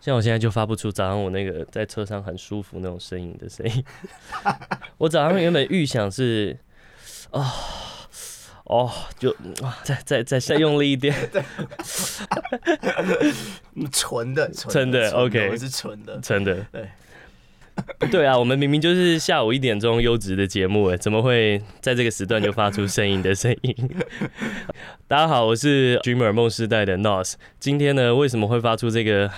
像我現在就發不出早上我那個在車上很舒服那種聲音的聲音，我早上原本預想是哦哦，就再，再再再再用力一點，哈純的，真的，OK，是純的，真的，對， 對啊，我們明明就是下午一點鐘優質的節目哎，怎麼會在這個時段就發出聲音的聲音？大家好，我是 Dreamer 夢世代的 NOS，今天呢為什麼會發出這個？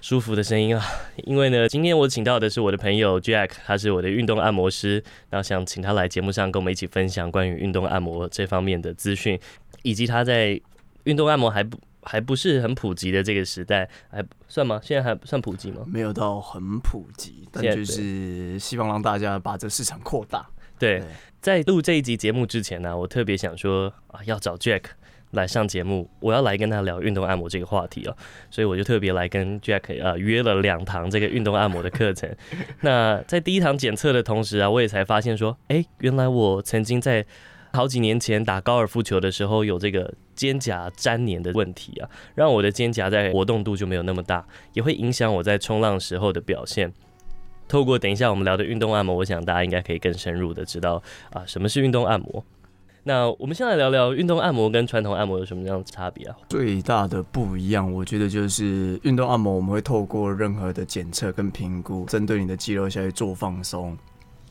舒服的聲音啊！因為呢，今天我請到的是我的朋友 Jack，他是我的運動按摩師，然後想請他來節目上跟我們一起分享關於運動按摩這方面的資訊，以及他在運動按摩還不還不是很普及的這個時代，還算嗎？現在還算普及嗎？沒有到很普及，但就是希望讓大家把這個市場擴大。對，對，在錄這一集節目之前呢，啊，我特別想說啊，要找 Jack。來上節目，我要來跟他聊運動按摩這個話題啊、哦，所以我就特別來跟 Jack 啊、呃、約了兩堂這個運動按摩的課程。那在第一堂檢測的同時啊，我也才發現說，哎，原來我曾經在好幾年前打高爾夫球的時候有這個肩胛沾黏的問題啊，讓我的肩胛在活動度就沒有那麼大，也會影響我在衝浪時候的表現。透過等一下我們聊的運動按摩，我想大家應該可以更深入的知道啊、呃、什麼是運動按摩。那我們先來聊聊運動按摩跟傳統按摩有什麼樣的差別啊？最大的不一樣，我覺得就是運動按摩我們會透過任何的檢測跟評估，針對你的肌肉下去做放鬆，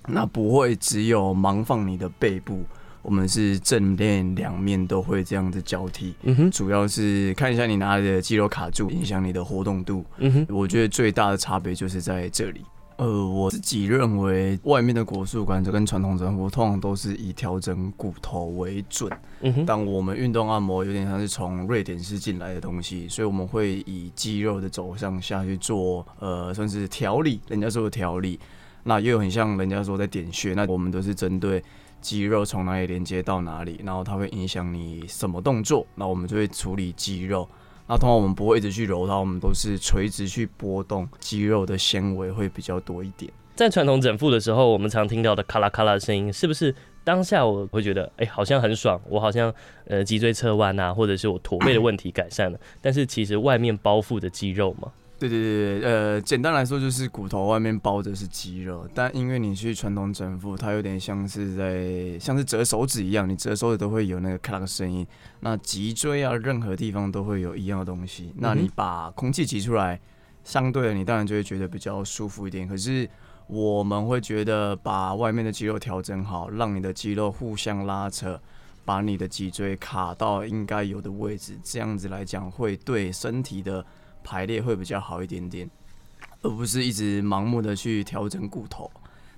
那不會只有盲放你的背部，我們是正面兩面都會這樣子交替。嗯哼，主要是看一下你哪裡的肌肉卡住，影響你的活動度。嗯哼，我覺得最大的差別就是在這裡。呃，我自己認為，外面的國術館子跟傳統針灸，通常都是以調整骨頭為準。嗯、哼、但我們運動按摩有點像是從瑞典式進來的東西，所以我們會以肌肉的走向下去做，呃，算是調理，人家說的調理，那又很像人家說在點穴。那我們都是針對肌肉從哪裡連接到哪裡，然後它會影響你什麼動作，那我們就會處理肌肉。那通常我們不會一直去揉它，我們都是垂直去撥動肌肉的纖維會比較多一點。在傳統整復的時候，我們常聽到的咔啦咔啦的聲音，是不是當下我會覺得，哎、欸，好像很爽，我好像呃脊椎側彎啊，或者是我駝背的問題改善了。 但是其實外面包覆的肌肉嘛。對對對，呃，簡單來說就是骨頭外面包的是肌肉，但因為你去傳統整復，它有點像是在像是折手指一樣，你折手指都會有那個咔的聲音。那脊椎啊，任何地方都會有一樣的東西。那你把空氣擠出來，相對的你當然就會覺得比較舒服一點。可是我們會覺得把外面的肌肉調整好，讓你的肌肉互相拉扯，把你的脊椎卡到應該有的位置，這樣子來講會對身體的。排列會比較好一點點，而不是一直盲目的去調整骨頭。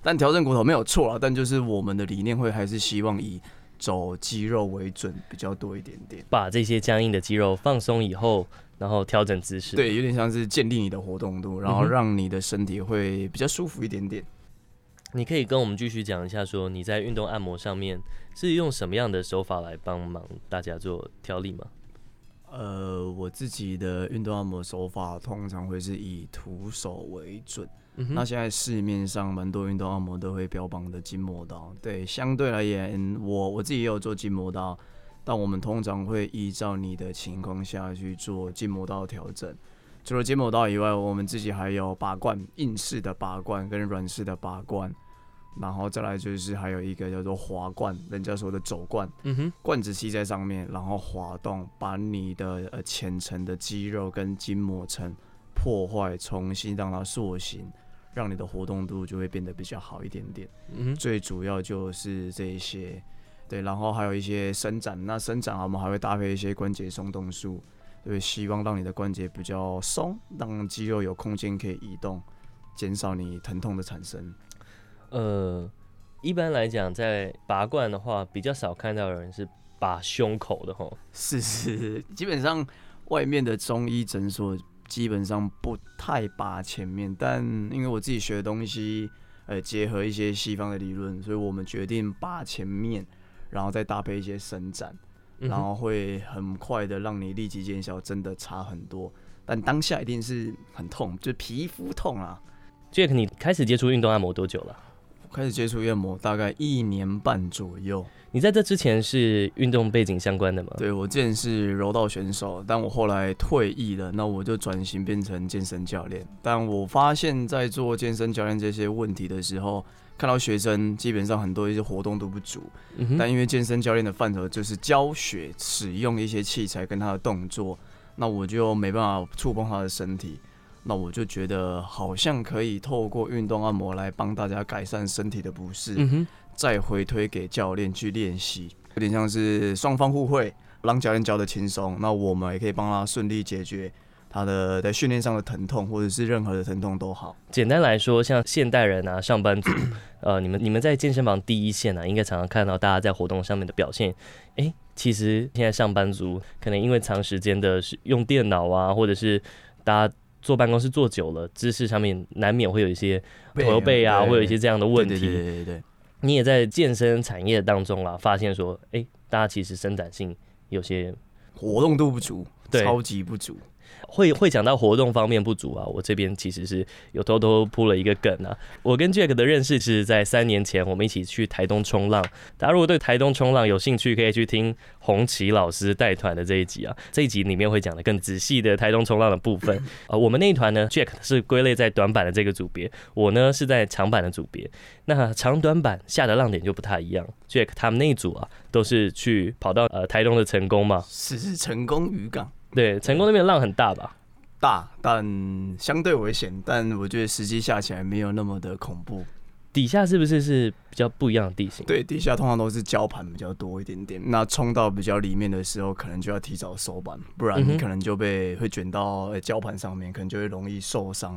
但調整骨頭沒有錯啊，但就是我們的理念會還是希望以走肌肉為準比較多一點點。把這些僵硬的肌肉放鬆以後，然後調整姿勢。對，有點像是建立你的活動度，然後讓你的身體會比較舒服一點點。嗯哼。你可以跟我們繼續講一下說，說你在運動按摩上面是用什麼樣的手法來幫忙大家做調理嗎？呃，我自己的運動按摩手法通常會是以徒手為準。嗯哼，那現在市面上蠻多運動按摩都會標榜的筋膜刀，對，相對而言，我我自己也有做筋膜刀，但我們通常會依照你的情況下去做筋膜刀調整。除了筋膜刀以外，我們自己還有拔罐，硬式的拔罐跟軟式的拔罐。然後再來就是還有一個叫做滑罐，人家說的走罐，嗯、哼罐子吸在上面，然後滑動，把你的呃淺層的肌肉跟筋膜層破壞，重新讓它塑形，讓你的活動度就會變得比較好一點點。嗯哼，最主要就是這一些，對，然後還有一些伸展，那伸展我們還會搭配一些關節鬆動術，對，希望讓你的關節比較鬆，讓肌肉有空間可以移動，減少你疼痛的產生。呃，一般來講，在拔罐的話，比較少看到有人是拔胸口的吼。是是是，基本上外面的中醫診所基本上不太拔前面，但因為我自己學的東西，呃，結合一些西方的理論，所以我們決定拔前面，然後再搭配一些伸展，嗯哼，然後會很快的讓你立即見效，真的差很多。但當下一定是很痛，就皮膚痛啊。傑克，你開始接觸運動按摩多久了？開始接觸按摩大概一年半左右。你在這之前是運動背景相關的嗎？對，我之前是柔道選手，但我後來退役了，那我就轉型變成健身教練。但我發現，在做健身教練這些問題的時候，看到學生基本上很多一些活動都不足。嗯、哼但因為健身教練的範疇就是教學使用一些器材跟他的動作，那我就沒辦法觸碰他的身體。那我就覺得好像可以透過運動按摩來幫大家改善身體的不適，嗯、哼再回推給教練去練習，有點像是雙方互惠，讓教練教得輕鬆，那我們也可以幫他順利解決他的在訓練上的疼痛，或者是任何的疼痛都好。簡單來說，像現代人啊，上班族， 呃，你們你們在健身房第一線啊，應該常常看到大家在活動上面的表現。欸、其實現在上班族可能因為長時間的使用電腦啊，或者是大家。坐辦公室坐久了，姿勢上面難免會有一些駝背啊，對對對，會有一些這樣的問題。對對，對對對對，你也在健身產業當中啊，發現說，誒、欸，大家其實伸展性有些活動度不足，對，超級不足。會會講到活動方面不足啊，我這邊其實是有偷偷鋪了一個梗啊。我跟 Jack 的認識其實是在三年前，我們一起去台東衝浪。大家如果對台東衝浪有興趣，可以去聽紅旗老師帶團的這一集啊。這一集裡面會講的更仔細的台東衝浪的部分。呃，我們那一團呢，Jack 是歸類在短板的這個組別，我呢是在長板的組別。那長短板下的浪點就不太一樣。Jack 他們那一組啊，都是去跑到呃台東的成功嘛，只是成功漁港。對，成功那邊浪很大吧？大，但相對危險，但我覺得實際下起來沒有那麼的恐怖。底下是不是是比較不一樣的地形？對，底下通常都是礁盤比較多一點點。那衝到比較裡面的時候，可能就要提早收板，不然你可能就被、嗯、哼會捲到礁盤上面，可能就會容易受傷。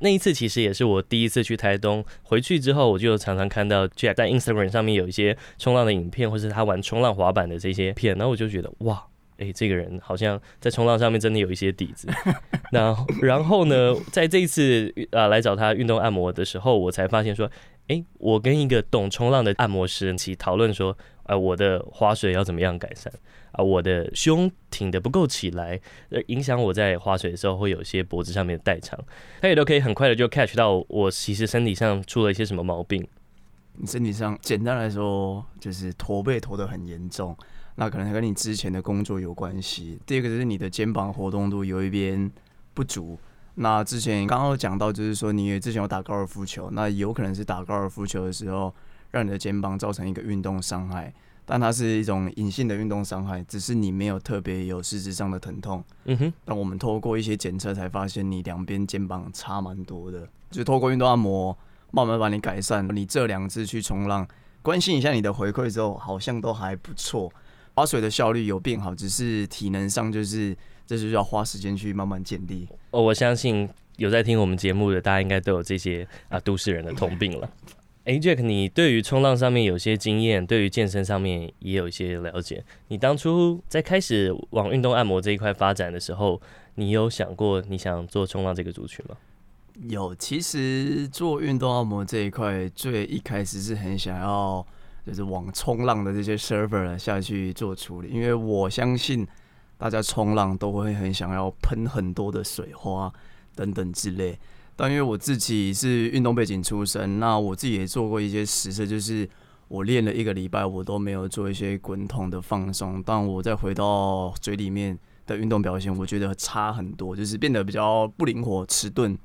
那一次其實也是我第一次去台東，回去之後我就常常看到，Jack 在 Instagram 上面有一些衝浪的影片，或是他玩衝浪滑板的這些片，然後我就覺得哇。哎，這個人好像在衝浪上面真的有一些底子。 那然後呢，在這一次啊、呃、來找他運動按摩的時候，我才發現說，哎，我跟一個懂衝浪的按摩師一起討論說，呃，我的划水要怎麼樣改善啊、呃？我的胸挺得不夠起來，呃，影響我在划水的時候會有一些脖子上面的代償。他也都可以很快的就 catch 到我其實身體上出了一些什麼毛病。你身體上簡單來說就是駝背駝得很嚴重。那可能跟你之前的工作有關係。第二個就是你的肩膀活動度有一邊不足。那之前剛剛講到，就是說你也之前有打高爾夫球，那有可能是打高爾夫球的時候，讓你的肩膀造成一個運動傷害，但它是一種隱性的運動傷害，只是你沒有特別有實質上的疼痛。嗯哼。但我們透過一些檢測才發現，你兩邊肩膀差蠻多的。就透過運動按摩，慢慢把你改善。你這兩次去衝浪，關心一下你的回饋之後，好像都還不錯。划水的效率有變好，只是體能上就是，這就是要花時間去慢慢建立。哦，我相信有在聽我們節目的大家，應該都有這些啊都市人的通病了。哎 ，Jack，你對於衝浪上面有些經驗，對於健身上面也有一些了解。你當初在開始往運動按摩這一塊發展的時候，你有想過你想做衝浪這個族群嗎？有，其實做運動按摩這一塊，最一開始是很想要。就是往衝浪的這些 server 下去做處理，因為我相信大家衝浪都會很想要噴很多的水花等等之類。但因為我自己是運動背景出身，那我自己也做過一些實測，就是我練了一個禮拜，我都沒有做一些滾筒的放鬆，但我再回到嘴裡面的運動表現，我覺得差很多，就是變得比較不靈活、遲鈍。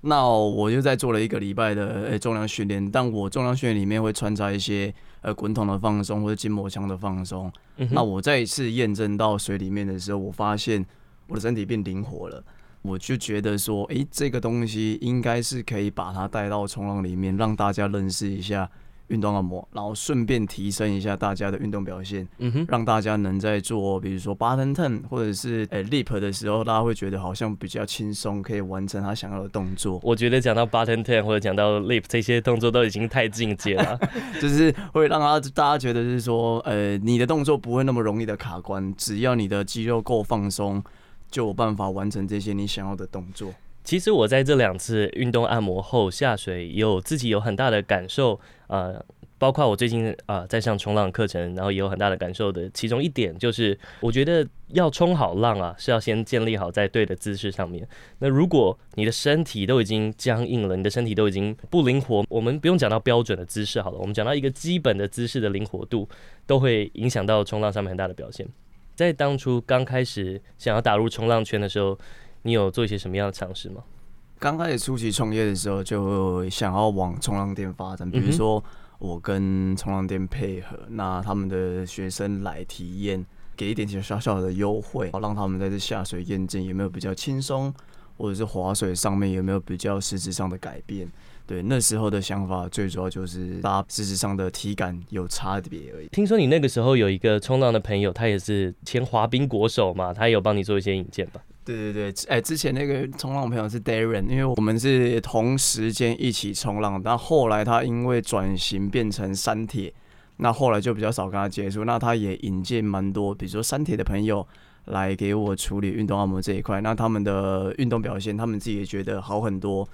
那我就在做了一個禮拜的誒重量訓練，但我重量訓練裡面會穿插一些呃滾筒的放鬆或者筋膜槍的放鬆。嗯、哼那我再一次驗證到水裡面的時候，我發現我的身體變靈活了，我就覺得說，誒、欸，這個東西應該是可以把它帶到衝浪裡面，讓大家認識一下。運動按摩，然後順便提升一下大家的運動表現，嗯哼，讓大家能在做，比如說 bottom turn 或者是誒、欸、lip 的時候，大家會覺得好像比較輕鬆，可以完成他想要的動作。我覺得講到 bottom turn 或者講到 lip 這些動作都已經太進階了， 就是會讓他大家覺得是說，呃，你的動作不會那麼容易的卡關，只要你的肌肉夠放鬆，就有辦法完成這些你想要的動作。其實我在這兩次運動按摩後下水，也有自己有很大的感受啊、呃，包括我最近啊、呃、在上衝浪課程，然後也有很大的感受的。其中一點就是，我覺得要衝好浪啊，是要先建立好在對的姿勢上面。那如果你的身體都已經僵硬了，你的身體都已經不靈活，我們不用講到標準的姿勢好了，我們講到一個基本的姿勢的靈活度，都會影響到衝浪上面很大的表現。在當初剛開始想要打入衝浪圈的時候，你有做一些什麼樣的嘗試嗎？剛開始初期創業的時候，就想要往衝浪店發展。嗯哼。比如說，我跟衝浪店配合，那他們的學生來體驗，給一點點小小的優惠，好讓他們在這下水驗證有沒有比較輕鬆，或者是划水上面有沒有比較實質上的改變。對，那時候的想法最主要就是大家實質上的體感有差別而已。聽說你那個時候有一個衝浪的朋友，他也是前滑冰國手嘛，他有幫你做一些引薦吧？對對對，哎、欸，之前那個衝浪朋友是 Darren，因為我們是同時間一起衝浪，但後來他因為轉型變成三鐵，那後來就比較少跟他接觸。那他也引進蠻多，比如說三鐵的朋友來給我處理運動按摩這一塊，那他們的運動表現，他們自己也覺得好很多。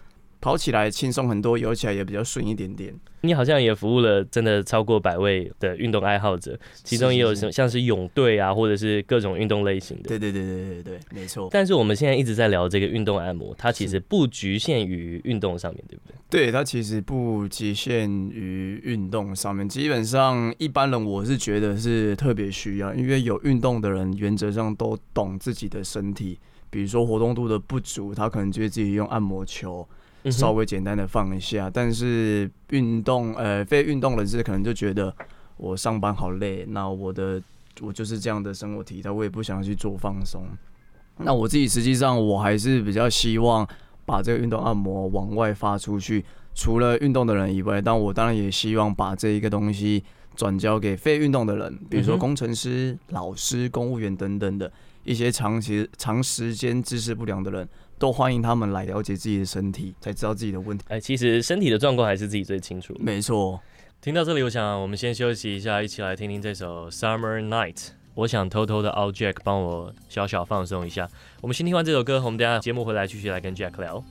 跑起來輕鬆很多，遊起來也比較順一點點。你好像也服務了真的超過百位的運動愛好者，其中也有像像是泳隊啊，或者是各種運動類型的。對對對對對對，沒錯。但是我們現在一直在聊這個運動按摩，它其實不局限於運動上面，是對不對？對，它其實不局限於運動上面。基本上一般人我是覺得是特別需要，因為有運動的人原則上都懂自己的身體，比如說活動度的不足，他可能覺得自己用按摩球。稍微簡單的放一下，但是運動呃，非運動人士可能就覺得我上班好累，那我的我就是這樣的生活體態，我也不想去做放鬆。那我自己實際上我還是比較希望把這個運動按摩往外發出去，除了運動的人以外，但我當然也希望把這一個東西轉交給非運動的人，比如說工程師、老師、公務員等等的一些長期長時間姿勢不良的人。都歡迎他們來了解自己的身體，才知道自己的問題。哎，其實身體的狀況還是自己最清楚。沒錯，聽到這裡，我想我們先休息一下，一起來聽聽這首《Summer Night》。我想偷偷的 all Jack，幫我小小放鬆一下。我們先聽完這首歌，我們等下節目回來繼續來跟 Jack 聊。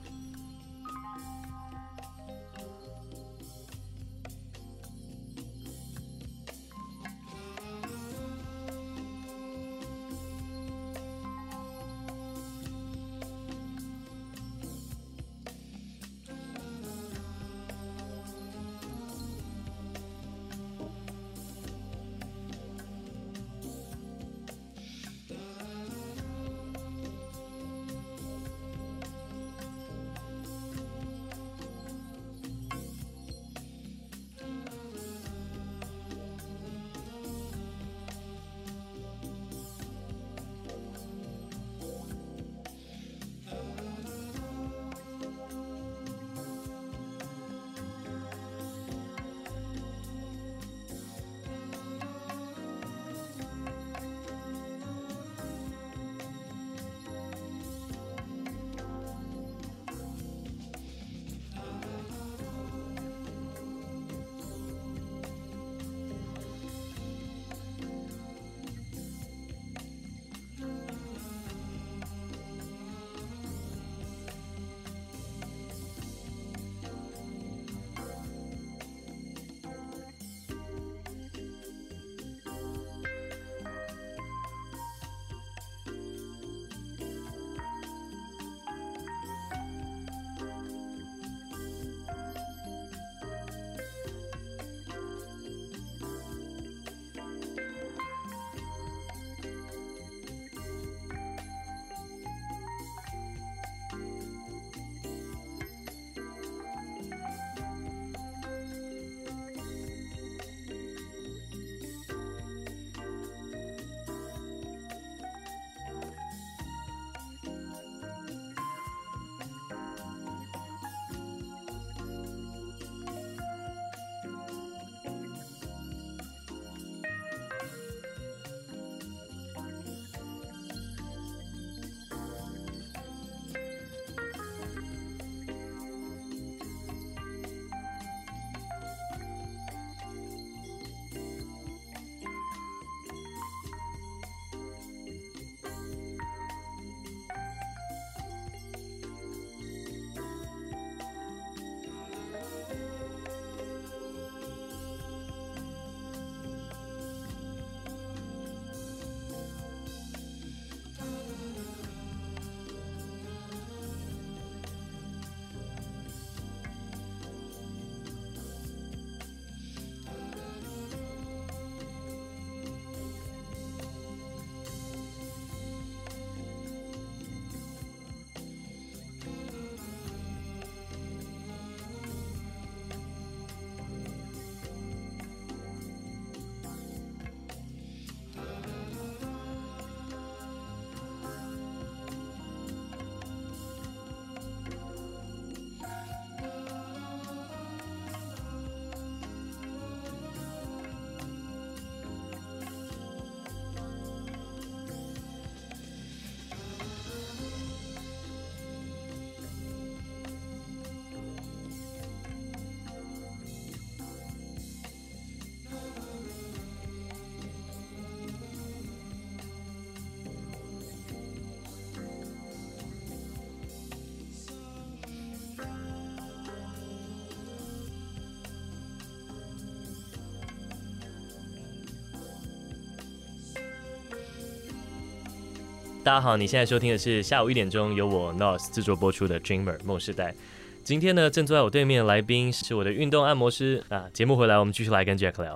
大家好，你現在收聽的是下午一點鐘由我 North 製作，播出的 Dreamer 夢世代。今天呢，正坐在我對面的來賓是我的運動按摩師啊。節目回來，我們繼續來跟 Jack 聊。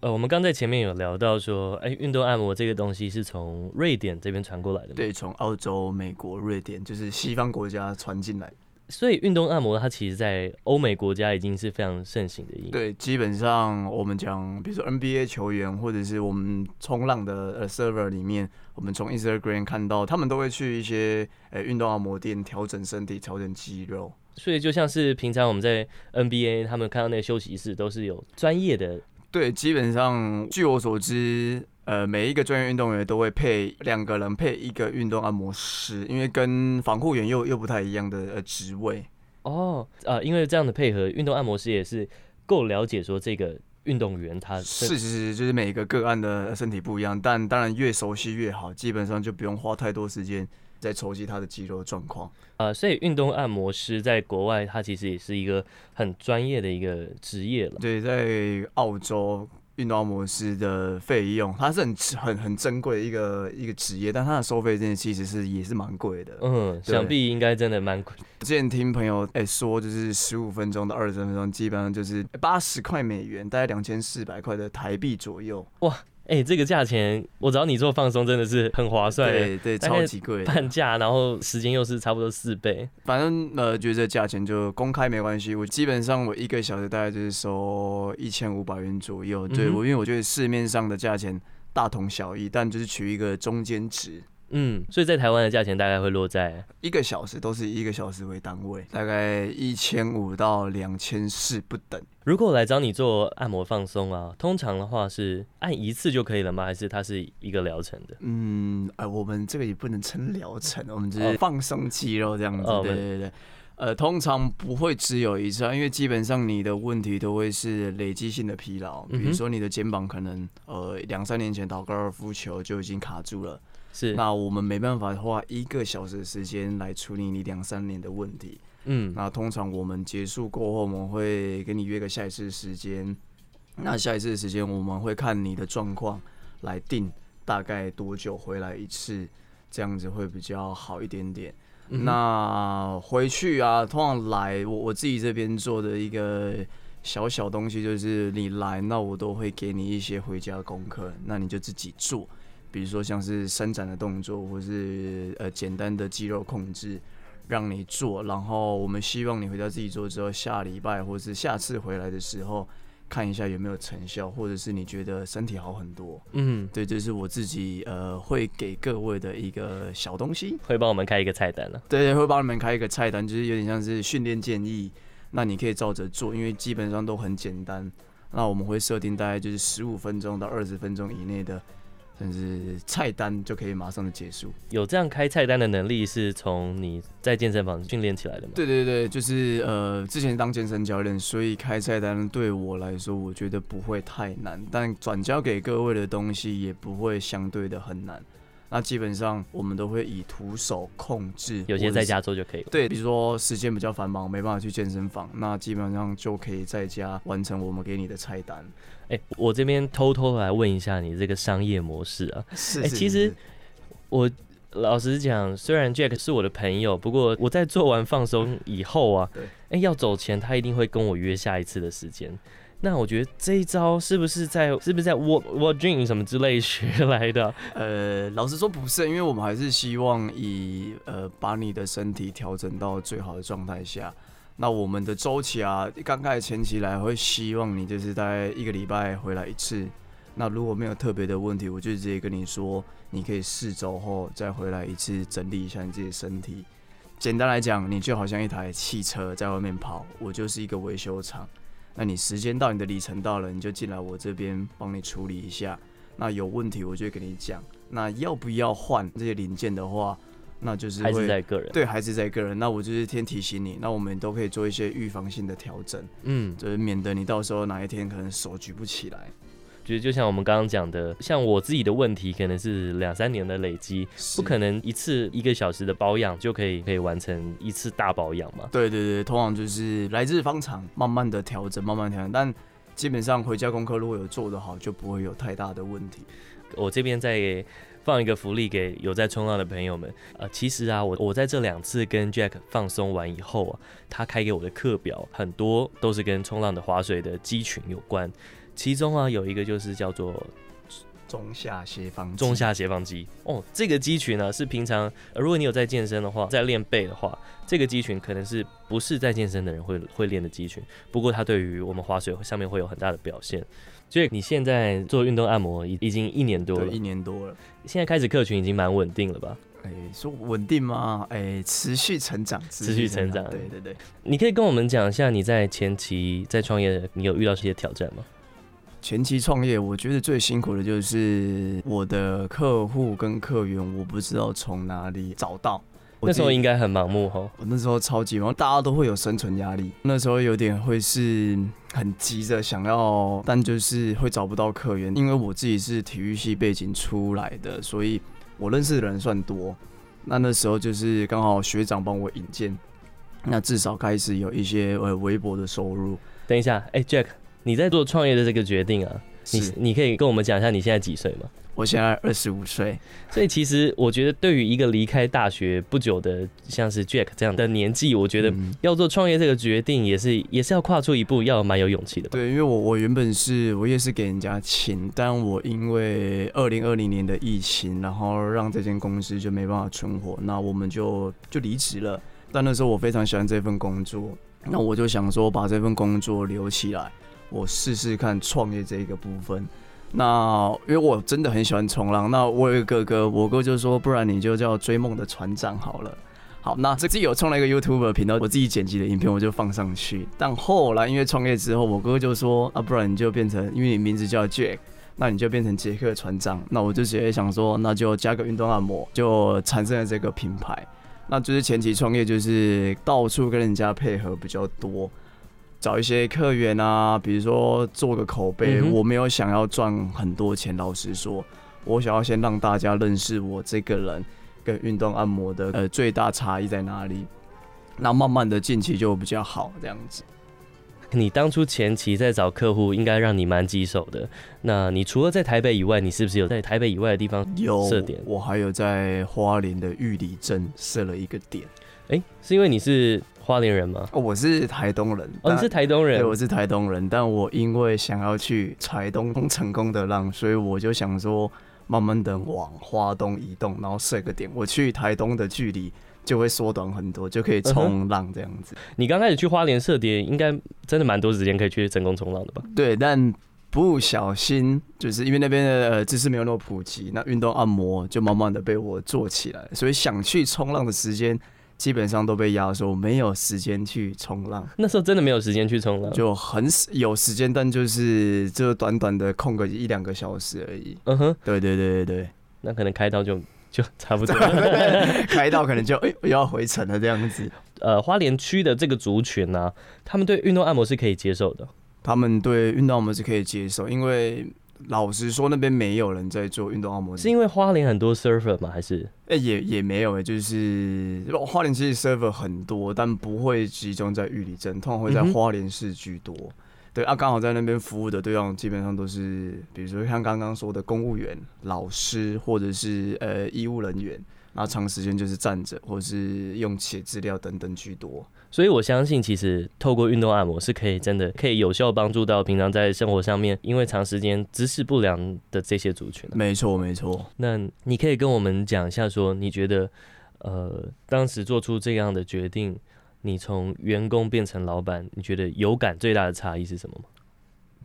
呃、哦，我們剛在前面有聊到說，哎、欸，運動按摩這個東西是從瑞典這邊傳過來的嗎？對，從澳洲、美國、瑞典，就是西方國家傳進來。所以運動按摩它其實，在歐美國家已經是非常盛行的。對，基本上我們講，比如說 NBA 球員，或者是我們衝浪的呃 server 裡面，我們從 Instagram 看到，他們都會去一些呃運動按摩店調整身體、調整肌肉。所以就像是平常我們在 NBA 他們看到那個休息室，都是有專業的。對，基本上據我所知，呃，每一個專業運動員都會配兩個人，配一個運動按摩師，因為跟防護員又又不太一樣的呃、職位。哦，呃、啊，因為這樣的配合，運動按摩師也是夠了解說這個運動員他。是是是，就是每一個個案的身體不一樣，但當然越熟悉越好，基本上就不用花太多時間。在抽擊他的肌肉狀況，呃，所以運動按摩師在國外，他其實也是一個很專業的一個職業了。對，在澳洲，運動按摩師的費用，它是很很很珍貴的一個一個職業，但它的收費真的其實是也是蠻貴的。嗯，對想必應該真的蠻貴。之前聽朋友哎說，就是十五分鐘到二十分鐘，基本上就是八十塊美元，大概兩千四百塊的台幣左右。哇。哎、欸，這個價錢，我找你做放鬆真的是很划算的，對，對對，超級貴，半價，然後時間又是差不多四倍，反正呃覺得價錢就公開沒關係。我基本上我一個小時大概就是收一千五百元左右，對我，嗯哼，因為我覺得市面上的價錢大同小異，但就是取一個中間值。嗯，所以在台灣的價錢大概會落在、啊、一個小時，都是以一個小時為單位，大概一千五到兩千四不等。如果我來找你做按摩放鬆啊，通常的話是按一次就可以了嗎？還是它是一個療程的？嗯、呃，我們這個也不能稱療程，我們只是放鬆肌肉這樣子。哦、對對對、呃，通常不會只有一次、啊，因為基本上你的問題都會是累積性的疲勞，嗯、哼比如說你的肩膀可能呃兩三年前打高爾夫球就已經卡住了。是，那我們沒辦法花一個小時的時間來處理你兩三年的問題。嗯，那通常我們結束過後，我們會跟你約個下一次的時間。那下一次的時間，我們會看你的狀況來定，大概多久回來一次，這樣子會比較好一點點。嗯哼。那回去啊，通常來我我自己這邊做的一個小小東西，就是你來那我都會給你一些回家功課，那你就自己做。比如說像是伸展的動作，或是呃簡單的肌肉控制，讓你做。然後我們希望你回到自己做之後，下禮拜或是下次回來的時候，看一下有沒有成效，或者是你覺得身體好很多。嗯哼，對，這、就是我自己呃會給各位的一個小東西，會幫我們開一個菜單了、啊。對，會幫你們開一個菜單，就是有點像是訓練建議，那你可以照着做，因為基本上都很簡單。那我們會設定大概就是十五分鐘到二十分鐘以內的。但是菜單就可以馬上的結束，有這樣開菜單的能力是從你在健身房訓練起來的嗎？對對對，就是呃，之前當健身教練，所以開菜單對我來說，我覺得不會太難，但轉交給各位的東西也不會相對的很難。那基本上我們都會以徒手控制，有些在家做就可以了。對，比如說時間比較繁忙，沒辦法去健身房，那基本上就可以在家完成我們給你的菜單。哎、欸，我這邊偷偷來問一下你這個商業模式啊，是是是是，欸，其實我老實講，雖然 Jack 是我的朋友，不過我在做完放鬆以後啊，哎，對、欸，要走前他一定會跟我約下一次的時間。那我覺得這一招是不是在是不是在 what, what dream 什麼之類學來的？呃，老實說不是，因為我們還是希望以呃把你的身體調整到最好的狀態下。那我們的周期啊，剛開始前期來會希望你就是大概一個禮拜回來一次。那如果沒有特別的問題，我就直接跟你說，你可以四周後再回來一次，整理一下你自己的身體。簡單來講，你就好像一台汽車在外面跑，我就是一個維修廠。那你時間到，你的里程到了，你就進來我這邊幫你處理一下。那有問題，我就會跟你講。那要不要換這些零件的話，那就是會還是在個人對，還是在個人。那我就是先提醒你，那我們都可以做一些預防性的調整，嗯，就是免得你到時候哪一天可能手舉不起來。覺得就像我們剛剛講的，像我自己的問題，可能是兩三年的累積，是不可能一次一個小時的保養就可以可以完成一次大保養嘛？對對對，通常就是來日方長，慢慢的調整，慢慢調整。但基本上回家功課如果有做得好，就不會有太大的問題。我這邊再放一個福利給有在衝浪的朋友們呃，其實啊，我我在這兩次跟 Jack 放鬆完以後啊，他開給我的課表很多都是跟衝浪的划水的肌群有關。其中啊有一個就是叫做中下斜方肌中下斜方肌哦，這個肌群呢、啊、是平常如果你有在健身的話，在練背的話，這個肌群可能是不是在健身的人會會練的肌群。不過它對於我們划水上面會有很大的表現。所以你現在做運動按摩已已經一年多了，一年多了。現在開始客群已經蠻穩定了吧？哎，說穩定嗎？哎，持續成長，持續成長。對對對，對對你可以跟我們講一下你在前期在創業你有遇到這些挑戰嗎？前期創業，我覺得最辛苦的就是我的客戶跟客源，我不知道從哪裡找到。那時候應該很盲目哈、哦，我那時候超級忙，大家都會有生存壓力。那時候有點會是很急着想要，但就是會找不到客源，因為我自己是體育系背景出來的，所以我認識的人算多。那那時候就是剛好學長幫我引薦，那至少開始有一些呃微薄的收入。等一下，哎、欸，Jack。你在做創業的這個決定啊，是你你可以跟我們講一下你現在幾歲嗎？我現在二十五歲， 所以其實我覺得，對於一個離開大學不久的，像是 Jack 這樣的年紀，我覺得要做創業這個決定，也是、嗯、也是要跨出一步，要蠻有勇氣的。對，因為我我原本是我也是給人家請，但我因為二零二零年的疫情，然後讓這間公司就沒辦法存活，那我們就就離職了。但那時候我非常喜歡這份工作，那我就想說把這份工作留起來。我試試看創業這一個部分。那因為我真的很喜歡衝浪。那我有一個哥哥，我哥就說，不然你就叫追夢的船長好了。好，那這次有創了一個 YouTube 頻道，我自己剪輯的影片我就放上去。但後來因為創業之後，我哥哥就說，啊，不然你就變成，因為你名字叫 Jack，那你就變成傑克船長。那我就直接想說，那就加個運動按摩，就產生了這個品牌。那就是前期創業就是到處跟人家配合比較多。找一些客源啊，比如說做個口碑，嗯、哼我沒有想要賺很多錢，老實說，我想要先讓大家認識我這個人跟運動按摩的呃最大差異在哪裡，那慢慢的近期就比較好這樣子。你當初前期在找客戶應該讓你蠻棘手的，那你除了在台北以外，你是不是有在台北以外的地方設點？有，我還有在花蓮的玉里鎮設了一個點。哎、欸，是因為你是？花蓮人嗎？哦，我是台東人。哦，你是台東人。對，我是台東人，但我因為想要去台東成功的浪，所以我就想說，慢慢的往花東移動，然後設個點，我去台東的距離就會縮短很多，就可以衝浪這樣子。Uh huh. 你剛開始去花蓮設點，應該真的蠻多時間可以去成功衝浪的吧？對，但不小心就是因為那邊的知識，呃、沒有那麼普及，那運動按摩就慢慢的被我做起來，所以想去衝浪的時間，基本上都被壓縮，沒有時間去衝浪。那時候真的沒有時間去衝浪，就很有時間，但就是就短短的空個一兩個小時而已。嗯哼、uh，對、huh、對對對對，那可能開到就就差不多， 開到可能就誒、欸、又要回程了這樣子。呃，花蓮區的這個族群呢、啊，他們對運動按摩是可以接受的。他們對運動按摩是可以接受，因為。老實說，那邊沒有人在做運動按摩，是因為花蓮很多 surfer 嗎？還是誒、欸，也也沒有誒、欸，就是花蓮其實 surfer 很多，但不會集中在玉里鎮，通常會在花蓮市居多。嗯、哼對啊，剛好在那邊服務的對象基本上都是，比如說像剛剛說的公務員、老師，或者是呃醫務人員。然後長時間就是站着，或是用寫資料等等居多，所以我相信其實透過運動按摩是可以真的可以有效幫助到平常在生活上面因為長時間姿勢不良的這些族群啊。沒錯沒錯。那你可以跟我們講一下說，你覺得呃當時做出這樣的決定，你從員工變成老板，你覺得有感最大的差異是什麼？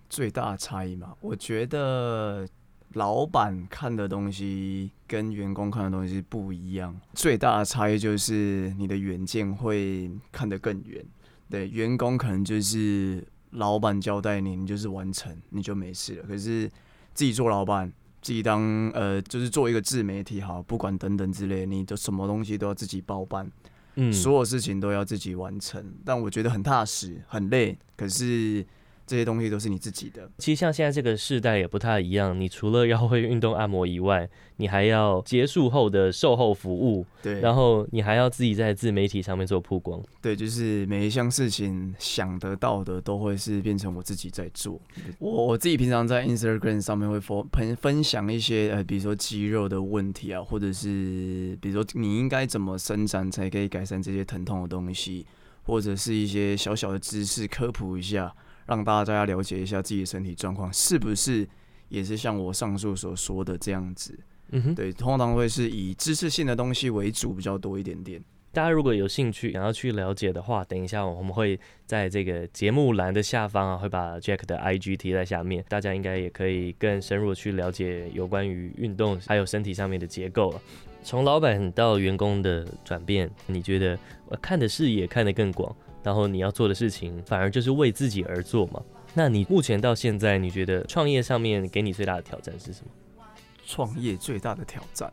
最大的差異嗎？我覺得。老闆看的東西跟員工看的東西不一樣，最大的差異就是你的遠見會看得更遠。對，員工可能就是老闆交代你，你就是完成，你就沒事了。可是自己做老闆，自己當呃，就是做一個自媒體，好，不管等等之類，你的什麼東西都要自己包辦，嗯，所有事情都要自己完成。但我覺得很踏實，很累，可是，這些東西都是你自己的。其實像現在這個世代也不太一樣，你除了要會運動按摩以外，你還要結束後的售後服務。對，然後你還要自己在自媒體上面做曝光。對，就是每一項事情想得到的都會是變成我自己在做。我我自己平常在 Instagram 上面會分分享一些呃，比如說肌肉的問題啊，或者是比如說你應該怎麼伸展才可以改善這些疼痛的東西，或者是一些小小的知識科普一下。讓大家了解一下自己的身體狀況是不是也是像我上述所說的這樣子？嗯哼，對，通常會是以知識性的東西為主比較多一點點。大家如果有興趣想要去了解的話，等一下我們會在這個節目欄的下方啊，會把 Jack 的 IG 貼在下面，大家應該也可以更深入去了解有關於運動還有身體上面的結構了啊。從老闆到員工的轉變，你覺得看的視野看得更廣？然後你要做的事情，反而就是為自己而做嘛。那你目前到現在，你覺得創業上面給你最大的挑戰是什麼？創業最大的挑戰，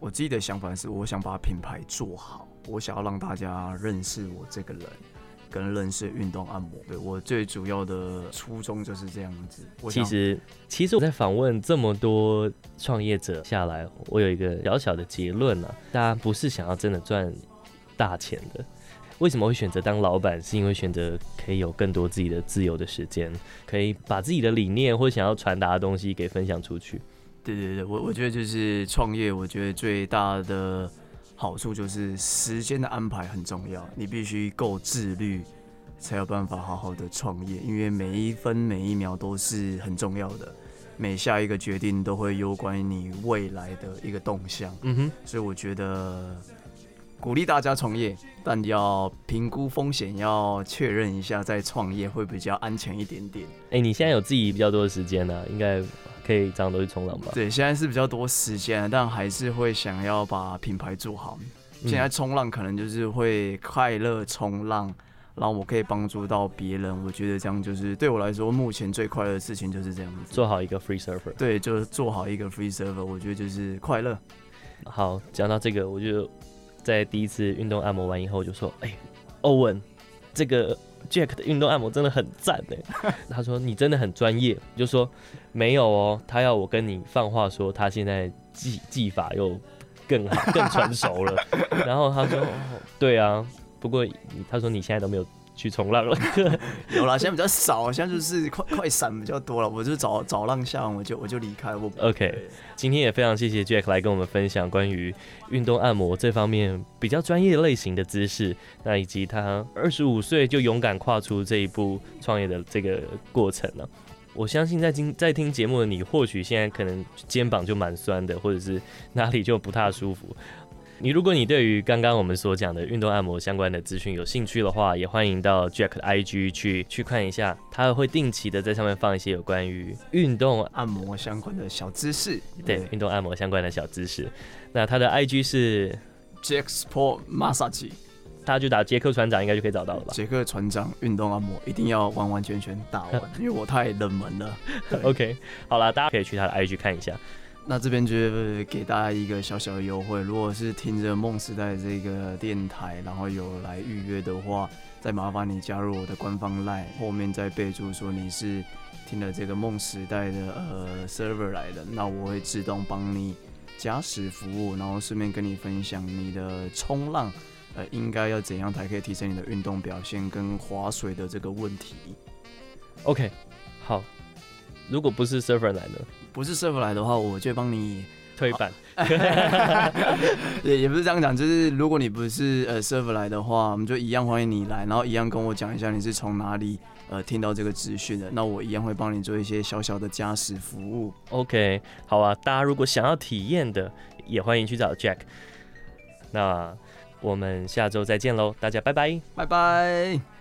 我自己的想法是，我想把品牌做好，我想要讓大家認識我這個人，跟人認識運動按摩。對，我最主要的初衷就是這樣子。其實，其實我在訪問這麼多創業者下來，我有一個小小的結論啊，大家不是想要真的賺大錢的。為什麼會選擇當老闆？是因為選擇可以有更多自己的自由的時間，可以把自己的理念或想要傳達的東西給分享出去。對對對，我我覺得就是創業，我覺得最大的好處就是時間的安排很重要，你必須夠自律，才有辦法好好的創業。因為每一分每一秒都是很重要的，每下一個決定都會攸關於你未來的一個動向。嗯哼，所以我覺得。鼓勵大家創業，但要評估風險，要確認一下再創業會比較安全一點點。哎、欸，你現在有自己比較多的時間了、啊，應該可以這樣多去衝浪吧？對，現在是比較多時間，但還是會想要把品牌做好。現在衝浪可能就是會快樂衝浪，然後、嗯、我可以幫助到別人，我覺得這樣就是對我來說目前最快樂的事情就是這樣子。做好一個 free surfer，對，就是做好一個 free surfer，我覺得就是快樂。好，講到這個，我就。在第一次運動按摩完以後，就說：“哎、欸，歐文，這個 Jack 的運動按摩真的很讚哎。”他說：“你真的很專業。”就說：“沒有哦，他要我跟你放話說，他現在技技法又更好更成熟了。” 然後他說：“對啊，不過他說你現在都沒有。”去衝浪了， 有啦，現在比較少，現在就是快 快閃比較多了。我就早找，找浪下完我就我就離開。我了 OK，今天也非常謝謝 Jack 來跟我們分享關於運動按摩這方面比較專業類型的知識，那以及他二十五歲就勇敢跨出這一步創業的這個過程了、啊、我相信在今在聽節目的你，或許現在可能肩膀就蠻痠的，或者是哪裡就不太舒服。你如果你對於剛剛我們所講的運動按摩相關的資訊有興趣的話，也歡迎到 Jack 的 IG 去去看一下，他會定期的在上面放一些有關於運動按摩相關的小知識。知識對，運對動按摩相關的小知識。那他的 IG 是 Jack Sport Massage，大家就打傑克船長應該就可以找到了吧？傑克船長運動按摩一定要完完全全打完， 因為我太冷門了。 OK，好了，大家可以去他的 IG 看一下。那這邊就給大家一個小小的優惠，如果是聽着夢世代的這個電台，然後有來預約的話，再麻煩你加入我的官方 LINE，後面再備注說你是聽了這個夢世代的呃 server 來的，那我會自動幫你加時服務，然後順便跟你分享你的衝浪呃應該要怎樣才可以提升你的運動表現跟划水的這個問題。OK，好，如果不是 server 來的。不是 surf 來的話，我就幫你推板。啊、 也不是這樣講，就是如果你不是呃 surf 來的話，我們就一樣歡迎你來，然後一樣跟我講一下你是從哪裡呃聽到這個資訊的，那我一樣會幫你做一些小小的加時服務。OK，好啊，大家如果想要體驗的，也歡迎去找 Jack。那我們下周再見嘍，大家拜拜，拜拜。